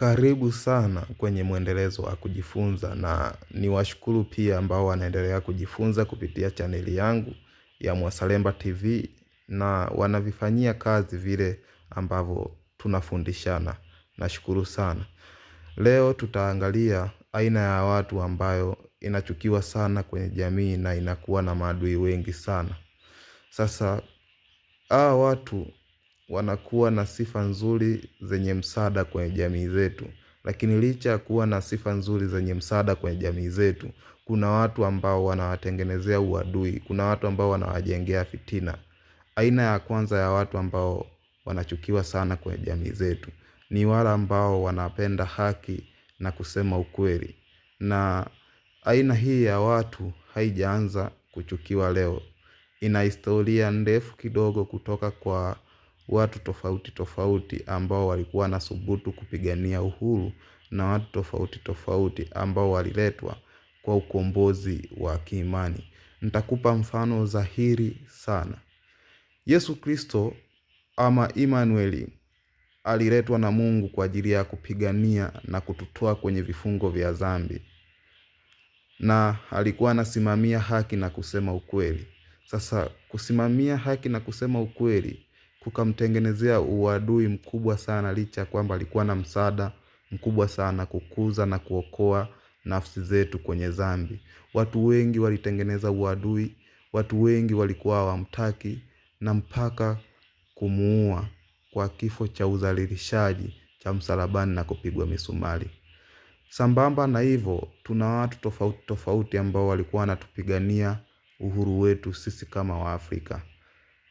Karibu sana kwenye mwendelezo wa kujifunza na niwashukuru pia ambao wanaendelea kujifunza kupitia chaneli yangu ya Mwasalemba TV na wanavifanyia kazi vile ambavyo tunafundishana. Nashukuru sana. Leo tutaangalia aina ya watu ambayo inachukiwa sana kwenye jamii na inakuwa na maadui wengi sana. Sasa hawa watu wanakuwa na sifa nzuri zenye msaada kwenye jamii zetu. Lakini licha ya kuwa na sifa nzuri zenye msaada kwenye jamii zetu, kuna watu ambao wanawatengenezea uadui, kuna watu ambao wanawajengea fitina. Aina ya kwanza ya watu ambao wanachukiwa sana kwenye jamii zetu ni wale ambao wanapenda haki na kusema ukweli. Na aina hii ya watu haijaanza kuchukiwa leo. Ina historia ndefu kidogo kutoka kwa watu tofauti tofauti ambao walikuwa subutu kupigania uhuru na watu tofauti tofauti ambao waliletwa kwa ukombozi wa kiimani. Nitakupa mfano dhahiri sana. Yesu Kristo ama Immanuel aliletwa na Mungu kwa ajili ya kupigania na kututoa kwenye vifungo vya dhambi, na alikuwa anasimamia haki na kusema ukweli. Sasa kusimamia haki na kusema ukweli kukamtengenezea uadui mkubwa sana licha ya kwamba alikuwa na msaada mkubwa sana kukuza na kuokoa nafsi zetu kwenye dhambi. Watu wengi walitengeneza uadui, watu wengi walikuwa hawamtaki na mpaka kumuua kwa kifo cha udhalilishaji cha msalabani na kupigwa misumari. Sambamba na hivyo, tuna watu tofauti tofauti ambao walikuwa wanatupigania uhuru wetu sisi kama Waafrika.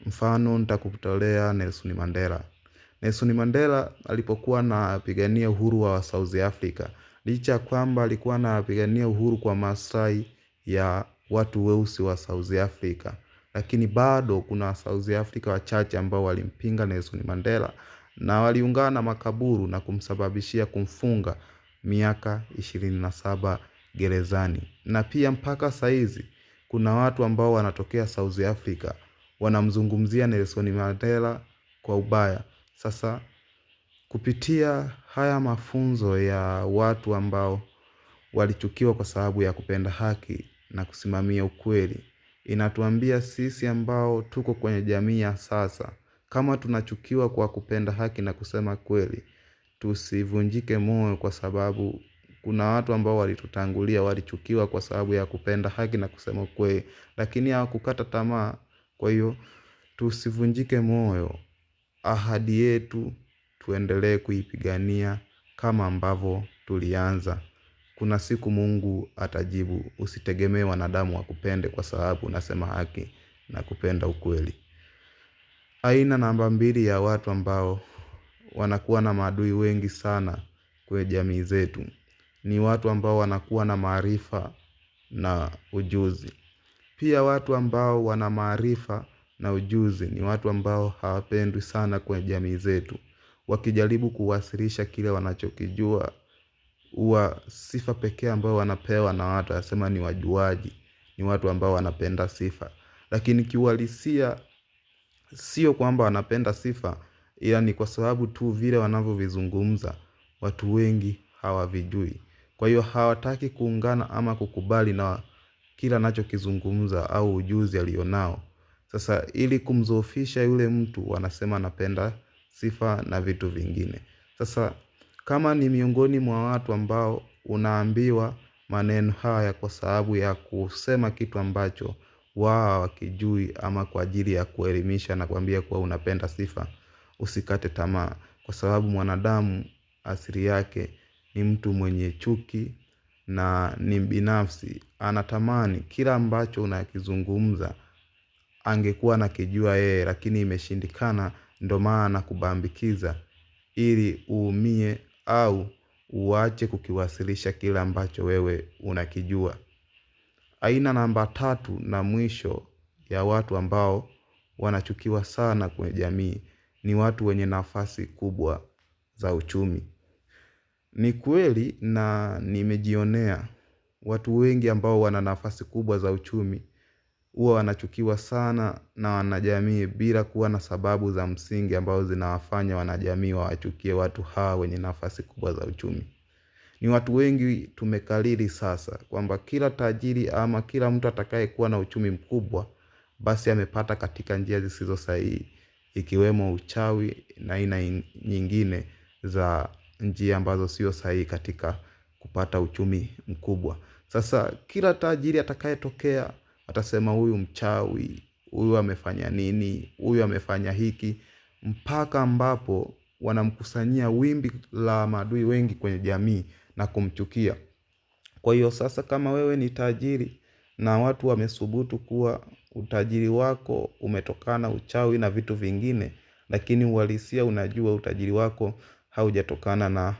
Mfano nitakutolea Nelson Mandela. Nelson Mandela alipokuwa anapigania uhuru wa South Africa. Licha ya kwamba alikuwa anapigania uhuru kwa maslahi ya watu weusi wa South Africa. Lakini bado kuna South Africa wachache ambao walimpinga Nelson Mandela na waliungana na makaburu na kumsababishia kumfunga miaka ishirini na saba gerezani. Na pia mpaka saizi kuna watu ambao wanatokea South Africa wanamzungumzia Nelson Mandela kwa ubaya. Sasa kupitia haya mafunzo ya watu ambao walichukiwa kwa sababu ya kupenda haki na kusimamia ukweli, inatuambia sisi ambao tuko kwenye jamii ya sasa, kama tunachukiwa kwa kupenda haki na kusema kweli, tusivunjike moyo, kwa sababu kuna watu ambao walitutangulia walichukiwa kwa sababu ya kupenda haki na kusema ukweli, lakini hawakukata tamaa. Kwa hiyo tusivunjike moyo, ahadi yetu tuendelee kuipigania kama ambavyo tulianza. Kuna siku Mungu atajibu, usitegemee wanadamu wakupende kwa sababu unasema haki na kupenda ukweli. Aina namba mbili ya watu ambao wanakuwa na maadui wengi sana kwenye jamii zetu ni watu ambao wanakuwa na maarifa na ujuzi. Pia watu ambao wana maarifa na ujuzi ni watu ambao hawapendwi sana kwenye jamii zetu. Wakijaribu kuwasilisha kile wanachokijua huwa sifa pekee ambayo wanapewa na watu wanasema ni wajuaji. Ni watu ambao wanapenda sifa. Lakini kiuhalisia sio kwamba wanapenda sifa ila ni kwa sababu tu vile wanavyovizungumza watu wengi hawavijui. Kwa hiyo hawataki kuungana ama kukubali na kila anachokizungumza au ujuzi alionao. Sasa ili kumzoofisha yule mtu wanasema anapenda sifa na vitu vingine. Sasa kama ni miongoni mwa watu ambao unaambiwa maneno haya kwa sababu ya kusema kitu ambacho wao hawakijui ama kwa ajili ya kuelimisha na kuambia kuwa unapenda sifa usikate tamaa kwa sababu mwanadamu asili yake ni mtu mwenye chuki na ni binafsi Anatamani kila ambacho unakizungumza angekuwa anakijua yeye lakini imeshindikana ndo maana anakubambikiza ili uumie au uache kukiwasilisha kila ambacho wewe unakijua. Aina namba tatu na mwisho ya watu ambao wanachukiwa sana kwenye jamii ni watu wenye nafasi kubwa za uchumi. Ni kweli na nimejionea watu wengi ambao wana nafasi kubwa za uchumi huwa wanachukiwa sana na wanajamii bila kuwa na sababu za msingi ambao zinawafanya wanajamii wawachukie watu hawa wenye nafasi kubwa za uchumi. Ni watu wengi tumekariri sasa kwamba kila tajiri ama kila mtu atakayekuwa na uchumi mkubwa basi amepata katika njia zisizo sahihi ikiwemo uchawi na aina nyingine za njia ambazo sio sahihi katika kupata uchumi mkubwa. Sasa kila tajiri atakayetokea atasema huyu mchawi, huyu amefanya nini, huyu amefanya hiki, mpaka ambapo wanamkusanyia wimbi la maadui wengi kwenye jamii na kumchukia. Kwa hiyo sasa, kama wewe ni tajiri na watu wamethubutu kuwa utajiri wako umetokana uchawi na vitu vingine, lakini uhalisia unajua utajiri wako haujatokana na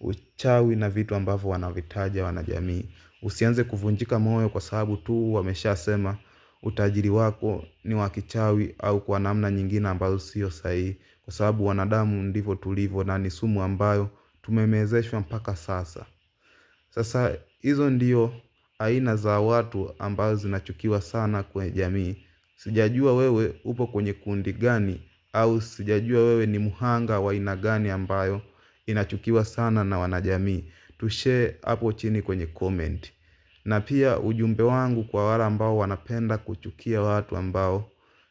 uchawi na vitu ambavyo wanavitaja wanajamii. Usianze kuvunjika moyo kwa sababu tu wameshasema utajiri wako ni wa kichawi au kwa namna nyingine ambazo sio sahihi. Kwa sababu wanadamu ndivyo tulivyo na ni sumu ambayo tumemezeshwa mpaka sasa. Sasa hizo ndiyo aina za watu ambazo zinachukiwa sana kwenye jamii. Sijajua wewe upo kwenye kundi gani au sijajua wewe ni mhanga wa aina gani ambayo inachukiwa sana na wanajamii. Tushare hapo chini kwenye comment. Na pia ujumbe wangu kwa wale ambao wanapenda kuchukia watu ambao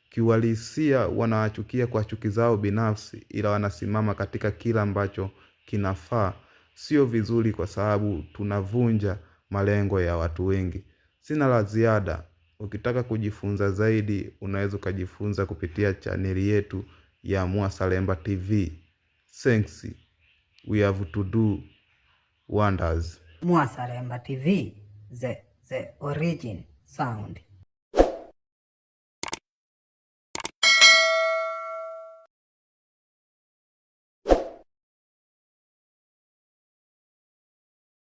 kiuhalisia wanawachukia kwa chuki zao binafsi ila wanasimama katika kila ambacho kinafaa. Sio vizuri kwa sababu tunavunja malengo ya watu wengi. Sina la ziada. Ukitaka kujifunza zaidi unaweza ukajifunza kupitia chaneli yetu ya Mwasalemba TV. Thanks. We have to do wonders. Mwasalemba TV, the, the origin sound.